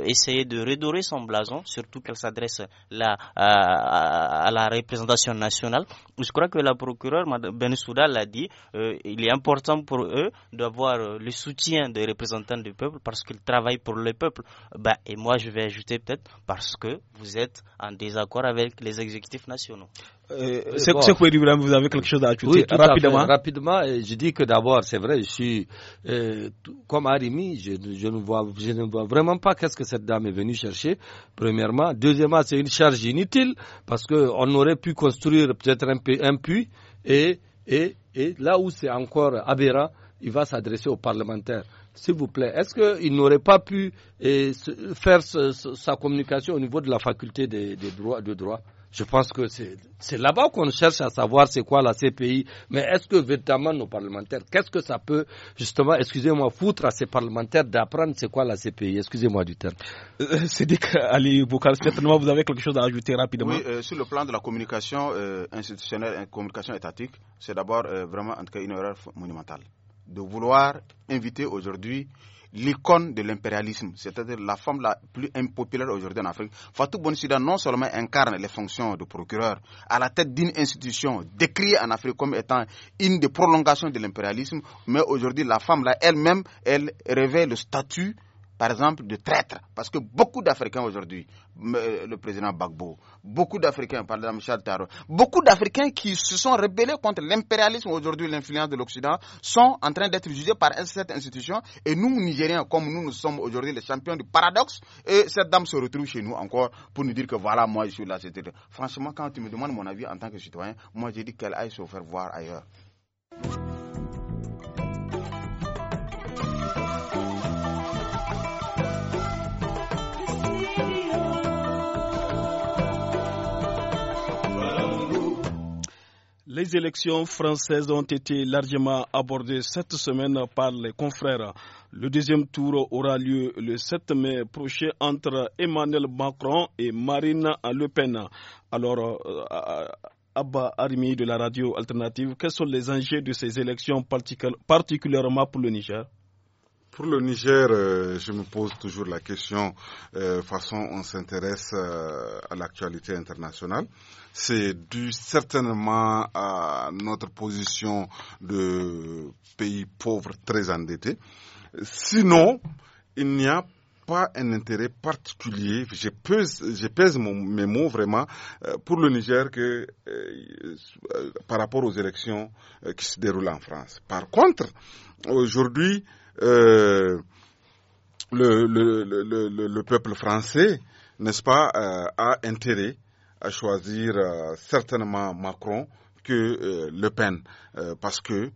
essayer de redorer son blason, surtout qu'elle s'adresse là à, la représentation nationale. Je crois que la procureure, Ben souda l'a dit, il est important pour eux d'avoir le soutien des représentants du peuple parce qu'ils travaillent pour le peuple. Bah, et moi, je vais ajouter peut-être parce que vous êtes en des accords avec les exécutifs nationaux. Euh, c'est euh, bon. vous avez quelque chose à ajouter rapidement. rapidement, je dis que d'abord, c'est vrai, je suis euh, comme Arimi, je, ne vois, vraiment pas qu'est-ce que cette dame est venue chercher. Premièrement, deuxièmement, c'est une charge inutile parce qu'on aurait pu construire peut-être un, puits et et là où c'est encore aberrant, il va s'adresser aux parlementaires s'il vous plaît, est-ce qu'il n'aurait pas pu eh, faire sa communication au niveau de la faculté de droit Je pense que c'est là-bas qu'on cherche à savoir c'est quoi la CPI. Mais est-ce que véritablement nos parlementaires, qu'est-ce que ça peut justement, excusez-moi, foutre à ces parlementaires d'apprendre c'est quoi la CPI Excusez-moi du terme. C'est euh, Cédric qu'Ali Boukal, certainement vous avez quelque chose à ajouter rapidement. Oui, euh, sur le plan de la communication euh, institutionnelle et communication étatique, c'est d'abord vraiment en tout cas une erreur monumentale de vouloir inviter aujourd'hui l'icône de l'impérialisme, c'est-à-dire la femme la plus impopulaire aujourd'hui en Afrique. Fatou Bonsida non seulement incarne les fonctions de procureur à la tête d'une institution décrite en Afrique comme étant une des prolongations de l'impérialisme, mais aujourd'hui la femme là elle-même, elle révèle le statut par exemple, de traîtres. Parce que beaucoup d'Africains aujourd'hui, euh, le président Gbagbo, beaucoup d'Africains, par exemple Charles Taro, beaucoup d'Africains qui se sont rebellés contre l'impérialisme aujourd'hui, l'influence de l'Occident, sont en train d'être jugés par cette institution. Et nous, Nigériens, comme nous, nous sommes aujourd'hui les champions du paradoxe, et cette dame se retrouve chez nous encore pour nous dire que voilà, moi, je suis là, Franchement, quand tu me demandes mon avis en tant que citoyen, moi, j'ai dit qu'elle aille se faire voir ailleurs. Les élections françaises ont été largement abordées cette semaine par les confrères. Le deuxième tour aura lieu le 7 mai prochain entre Emmanuel Macron et Marine Le Pen. Alors, euh, Abba Arimi de la radio alternative, quels sont les enjeux de ces élections particulièrement pour le Niger pour le Niger, euh, je me pose toujours la question, euh, façon on s'intéresse à l'actualité internationale c'est dû certainement à notre position de pays pauvre très endetté. Sinon, il n'y a pas un intérêt particulier, je pèse, je mes mots vraiment, euh, pour le Niger que, euh, euh, par rapport aux élections qui se déroulent en France. Par contre, aujourd'hui, le, peuple français, n'est-ce pas, a intérêt à choisir euh, certainement Macron que euh, Le Pen, euh, parce que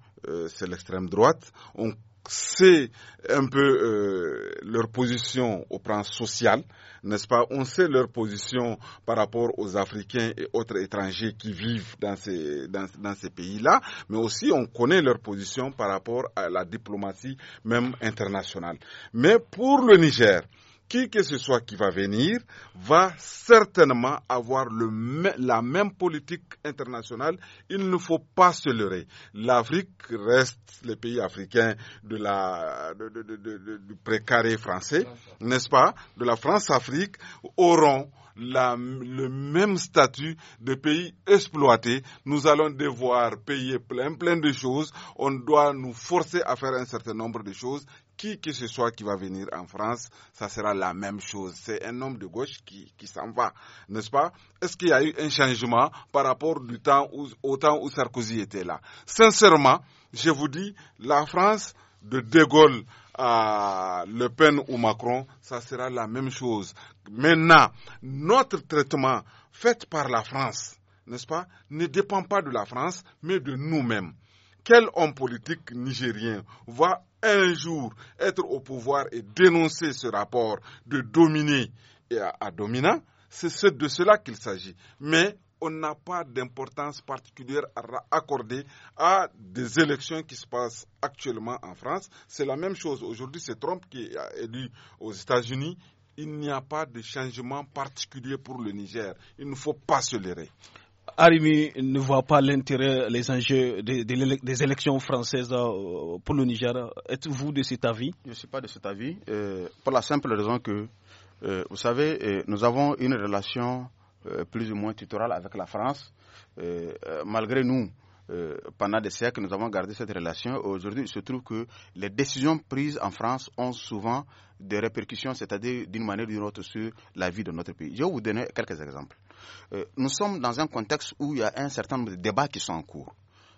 c'est l'extrême droite. On sait un peu leur position au plan social, n'est-ce pas On sait leur position par rapport aux Africains et autres étrangers qui vivent dans ces, dans ces pays-là, mais aussi on connaît leur position par rapport à la diplomatie même internationale. Mais pour le Niger, qui que ce soit qui va venir va certainement avoir le, la même politique internationale. Il ne faut pas se leurrer. L'Afrique reste les pays africains de la, du précaré français, n'est-ce pas De la France-Afrique auront le même statut de pays exploité. Nous allons devoir payer plein, plein de choses. On doit nous forcer à faire un certain nombre de choses qui que ce soit qui va venir en France, ça sera la même chose. C'est un homme de gauche qui, s'en va, n'est-ce pas Est-ce qu'il y a eu un changement par rapport du temps au temps où Sarkozy était là Sincèrement, je vous dis, la France de De Gaulle à Le Pen ou Macron, ça sera la même chose. Maintenant, notre traitement fait par la France, n'est-ce pas, ne dépend pas de la France, mais de nous-mêmes quel homme politique nigérien va un jour être au pouvoir et dénoncer ce rapport de dominé et à, dominant C'est de cela qu'il s'agit. Mais on n'a pas d'importance particulière à accorder à des élections qui se passent actuellement en France. C'est la même chose. Aujourd'hui, c'est Trump qui est élu aux États-Unis. Il n'y a pas de changement particulier pour le Niger. Il ne faut pas se leurrer. Arimi ne voit pas l'intérêt, les enjeux des élections françaises euh, pour le Niger. Êtes-vous de cet avis Je ne suis pas de cet avis, euh, pour la simple raison que, euh, vous savez, nous avons une relation plus ou moins tutorale avec la France. malgré nous, pendant des siècles, nous avons gardé cette relation. Aujourd'hui, il se trouve que les décisions prises en France ont souvent des répercussions, c'est-à-dire d'une manière ou d'une autre, sur la vie de notre pays. Je vais vous donner quelques exemples. Euh, nous sommes dans un contexte où il y a un certain nombre de débats qui sont en cours.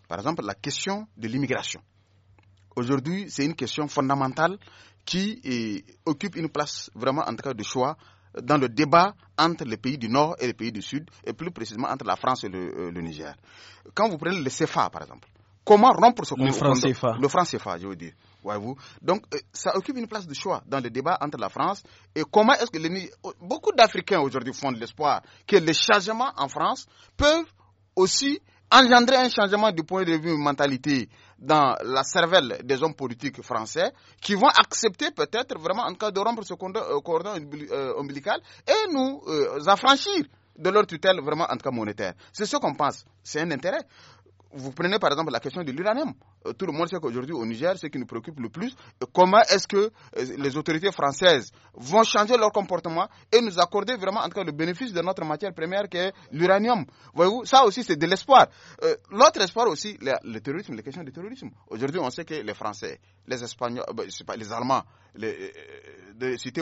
Par exemple, la question de l'immigration. Aujourd'hui, c'est une question fondamentale qui occupe une place vraiment en cas de choix dans le débat entre les pays du Nord et les pays du Sud, et plus précisément entre la France et le, euh, Niger. Quand vous prenez le CFA, par exemple, comment rompre ce le franc CFA. Le franc CFA, je veux dire. Donc, euh, ça occupe une place de choix dans le débat entre la France et comment est-ce que les... Euh, beaucoup d'Africains aujourd'hui font de l'espoir que les changements en France peuvent aussi engendrer un changement du point de vue mentalité dans la cervelle des hommes politiques français qui vont accepter peut-être vraiment en cas de rompre ce euh, cordon ombilical et nous affranchir de leur tutelle vraiment en cas monétaire. C'est ce qu'on pense. C'est un intérêt. Vous prenez par exemple la question de l'uranium. Euh, tout le monde sait qu'aujourd'hui au Niger, ce qui nous préoccupe le plus, euh, comment est-ce que euh, les autorités françaises vont changer leur comportement et nous accorder vraiment en le bénéfice de notre matière première qui est l'uranium. Voyez-vous, ça aussi c'est de l'espoir. L'autre espoir aussi, le, terrorisme, les questions du terrorisme. Aujourd'hui, on sait que les Français, les Espagnols, ben, les Allemands, les,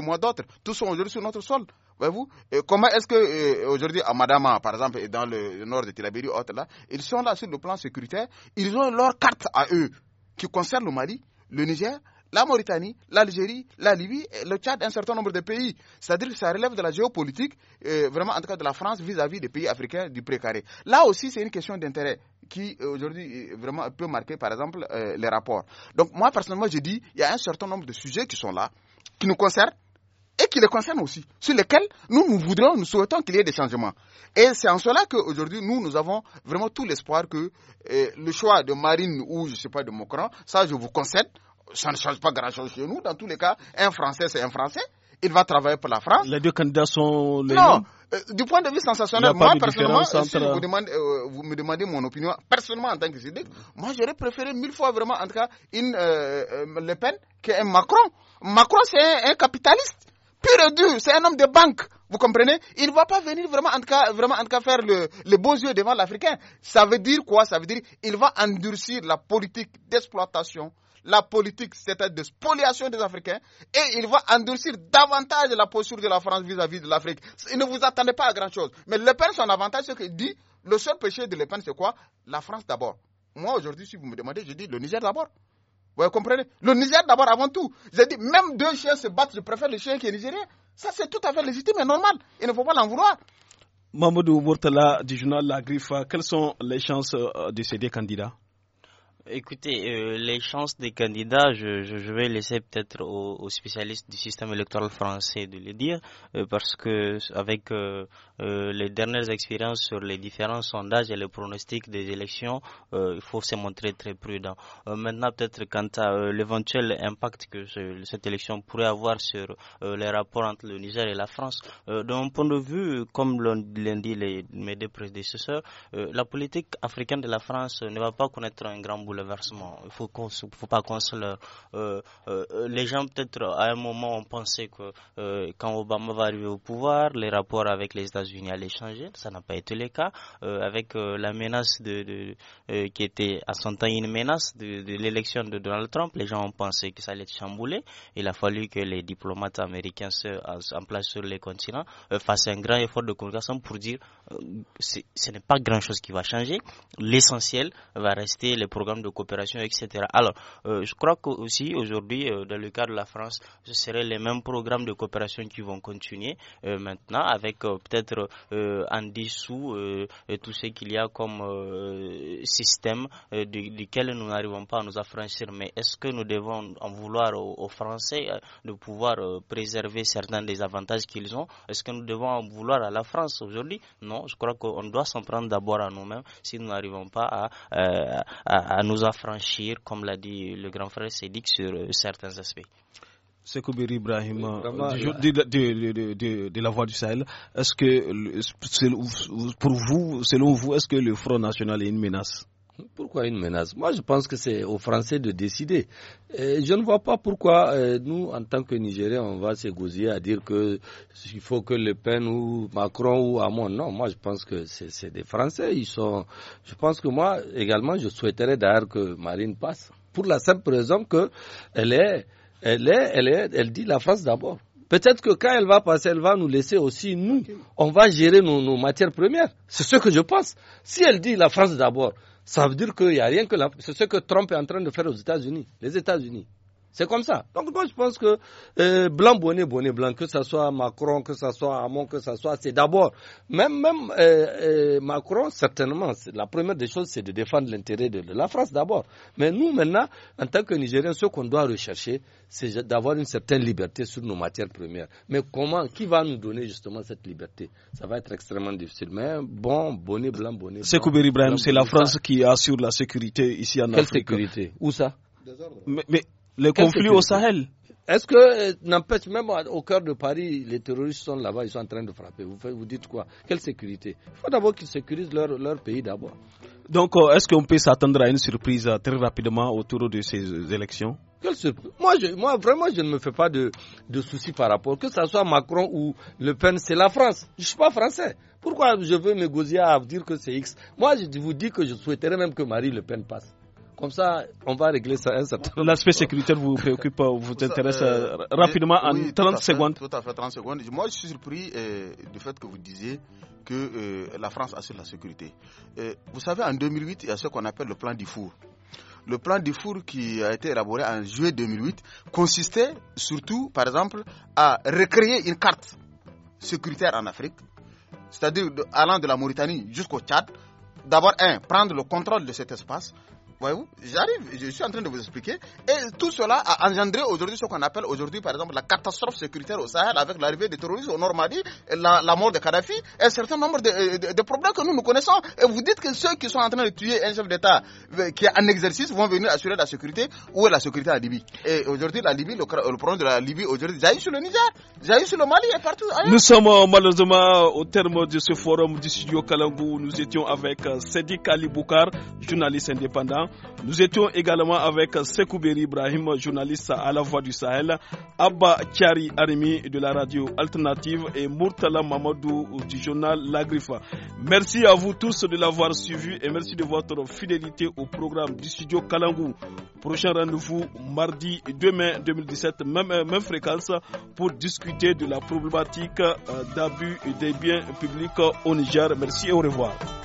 moi d'autres, tous sont aujourd'hui sur notre sol. Voyez-vous, comment est-ce que aujourd'hui à Madama, par exemple, et dans le nord de Tilabiri, là, ils sont là sur le plan sécuritaire, ils ont leur carte à qui concerne le Mali, le Niger, la Mauritanie, l'Algérie, la Libye, le Tchad, un certain nombre de pays. C'est-à-dire que ça relève de la géopolitique, euh, vraiment en tout cas de la France vis-à-vis des pays africains du précaré. Là aussi, c'est une question d'intérêt qui euh, aujourd'hui vraiment peut marquer par exemple euh, les rapports. Donc moi personnellement, je dis, il y a un certain nombre de sujets qui sont là, qui nous concernent, et qui les concerne aussi, sur lesquels nous, nous voudrions, nous souhaitons qu'il y ait des changements. Et c'est en cela qu'aujourd'hui, nous, nous avons vraiment tout l'espoir que eh, le choix de Marine ou, je ne sais pas, de Mokran, ça, je vous concède, ça ne change pas grand-chose chez nous. Dans tous les cas, un Français, c'est un Français. Il va travailler pour la France. Les deux candidats sont les Non, euh, du point de vue sensationnel, moi, personnellement, si euh, vous, me demandez mon opinion, personnellement, en tant que syndic, moi, j'aurais préféré mille fois, vraiment, en tout cas, une euh, Le Pen qu'un Macron. Macron, c'est un capitaliste pur et c'est un homme de banque. Vous comprenez Il ne va pas venir vraiment en tout cas, vraiment en faire le, les beaux yeux devant l'Africain. Ça veut dire quoi Ça veut dire qu'il va endurcir la politique d'exploitation, la politique c'est-à-dire de spoliation des Africains, et il va endurcir davantage la posture de la France vis-à-vis de l'Afrique. ne vous attendez pas à grand-chose. Mais Le Pen, son avantage, c'est qu'il dit, le seul péché de Le Pen, c'est quoi La France d'abord. Moi, aujourd'hui, si vous me demandez, je dis le Niger d'abord. Vous comprenez Le Niger d'abord avant tout. J'ai dit, même deux chiens se battent, je préfère le chien qui est nigérien. Ça, c'est tout à fait légitime et normal. Il ne faut pas l'en vouloir. Mamadou Bourtala du journal La Griffe, quelles sont les chances euh, de ces deux candidats Écoutez, euh, les chances des candidats, je, vais laisser peut-être aux, spécialistes du système électoral français de le dire, euh, parce que avec euh, les dernières expériences sur les différents sondages et les pronostics des élections, il faut se montrer très prudent. maintenant, peut-être quant à l'éventuel impact que cette élection pourrait avoir sur les rapports entre le Niger et la France, d'un point de vue, comme l'ont dit les, mes deux prédécesseurs, la politique africaine de la France ne va pas connaître un grand boulot versement. Il faut faut pas qu'on se euh, euh, les gens peut-être à un moment ont pensé que euh, quand Obama va arriver au pouvoir, les rapports avec les États-Unis allaient changer. Ça n'a pas été le cas. avec la menace de, qui était à son temps une menace de, l'élection de Donald Trump, les gens ont pensé que ça allait être chamboulé. Il a fallu que les diplomates américains se, en place sur les continents fassent un grand effort de communication pour dire ce n'est pas grand-chose qui va changer. L'essentiel va rester les programmes de coopération, etc. Alors, euh, je crois aussi aujourd'hui, euh, dans le cas de la France, ce seraient les mêmes programmes de coopération qui vont continuer euh, maintenant, avec peut-être en dessous tout ce qu'il y a comme système duquel nous n'arrivons pas à nous affranchir. Mais est-ce que nous devons en vouloir aux, Français de pouvoir préserver certains des avantages qu'ils ont Est-ce que nous devons en vouloir à la France aujourd'hui Non, je crois qu'on doit s'en prendre d'abord à nous-mêmes si nous n'arrivons pas à nous nous affranchir, comme l'a dit le grand frère Sédic, sur euh, certains aspects. Sekoubir Ibrahim, de, de, de, la Voix du Sahel, est-ce que, pour vous, selon vous, est-ce que le Front National est une menace pourquoi une menace Moi, je pense que c'est aux Français de décider. je ne vois pas pourquoi euh, nous, en tant que Nigériens, on va s'égosiller à dire qu'il faut que Le Pen ou Macron ou Hamon. Non, moi, je pense que c'est des Français. sont. Je pense que moi, également, je souhaiterais d'ailleurs que Marine passe pour la simple raison qu'elle est, elle dit la France d'abord. Peut-être que quand elle va passer, elle va nous laisser aussi, nous, on va gérer nos matières premières. C'est ce que je pense. Si elle dit la France d'abord, ça veut dire qu'il n'y a rien que c'est ce que Trump est en train de faire aux États-Unis. Les États-Unis, c'est comme ça. Donc moi je pense que euh, blanc bonnet bonnet blanc, que ce soit Macron, que ce soit Hamon, que ce soit, c'est d'abord même même euh, euh, Macron certainement. La première des choses c'est de défendre l'intérêt de la France d'abord. Mais nous maintenant en tant que Nigériens, ce qu'on doit rechercher, c'est d'avoir une certaine liberté sur nos matières premières. Mais comment, qui va nous donner justement cette liberté Ça va être extrêmement difficile. Mais bon, bonnet blanc bonnet. C'est Ibrahim, c'est la France qui assure la sécurité ici en Afrique. Quelle sécurité Où ça mais les conflit conflits au Sahel. Est-ce que, euh, n'empêche, même au cœur de Paris, les terroristes sont là-bas, ils sont en train de frapper. Vous, vous dites quoi Quelle sécurité Il faut d'abord qu'ils sécurisent leur, leur pays d'abord. Donc, euh, est-ce qu'on peut s'attendre à une surprise euh, très rapidement autour de ces élections Quelle surprise moi, moi, vraiment, je ne me fais pas de, de soucis par rapport. Que ce soit Macron ou Le Pen, c'est la France. Je ne suis pas français. Pourquoi je veux me gosier à dire que c'est X Moi, je vous dis que je souhaiterais même que Marie Le Pen passe. Comme ça, on va régler ça L'aspect sécuritaire vous préoccupe, vous euh, intéresse euh, rapidement en 30 secondes. Tout à fait, 30 secondes. Moi, je suis surpris euh, du fait que vous disiez que la France assure la sécurité. vous savez, en 2008, il y a ce qu'on appelle le plan Dufour. Le plan Dufour qui a été élaboré en juillet 2008 consistait surtout, par exemple, à recréer une carte sécuritaire en Afrique, c'est-à-dire allant de la Mauritanie jusqu'au Tchad. D'abord, un, prendre le contrôle de cet espace Voyez-vous J'arrive, je suis en train de vous expliquer. Et tout cela a engendré aujourd'hui ce qu'on appelle aujourd'hui, par exemple, la catastrophe sécuritaire au Sahel avec l'arrivée des terroristes au Nord Mali, la, mort de Kadhafi, et un certain nombre euh, de, problèmes que nous nous connaissons. Et vous dites que ceux qui sont en train de tuer un chef d'État euh, qui est en exercice vont venir assurer la sécurité. Où est la sécurité à Libye Et aujourd'hui, la Libye, le, problème de la Libye aujourd'hui, j'ai eu sur le Niger, j'ai eu sur le Mali et partout Nous sommes euh, malheureusement au terme de ce forum du studio Kalangou. Nous étions avec Sedi Ali Boukar, journaliste indépendant. Nous étions également avec Sekouberi Ibrahim, journaliste à la Voix du Sahel, Abba Thiari Arimi de la radio Alternative et Murtala Mamadou du journal La Griffe. Merci à vous tous de l'avoir suivi et merci de votre fidélité au programme du studio Kalangou. Prochain rendez-vous mardi 2 mai 2017, même, même fréquence, pour discuter de la problématique euh, d'abus des biens publics au Niger. Merci et au revoir.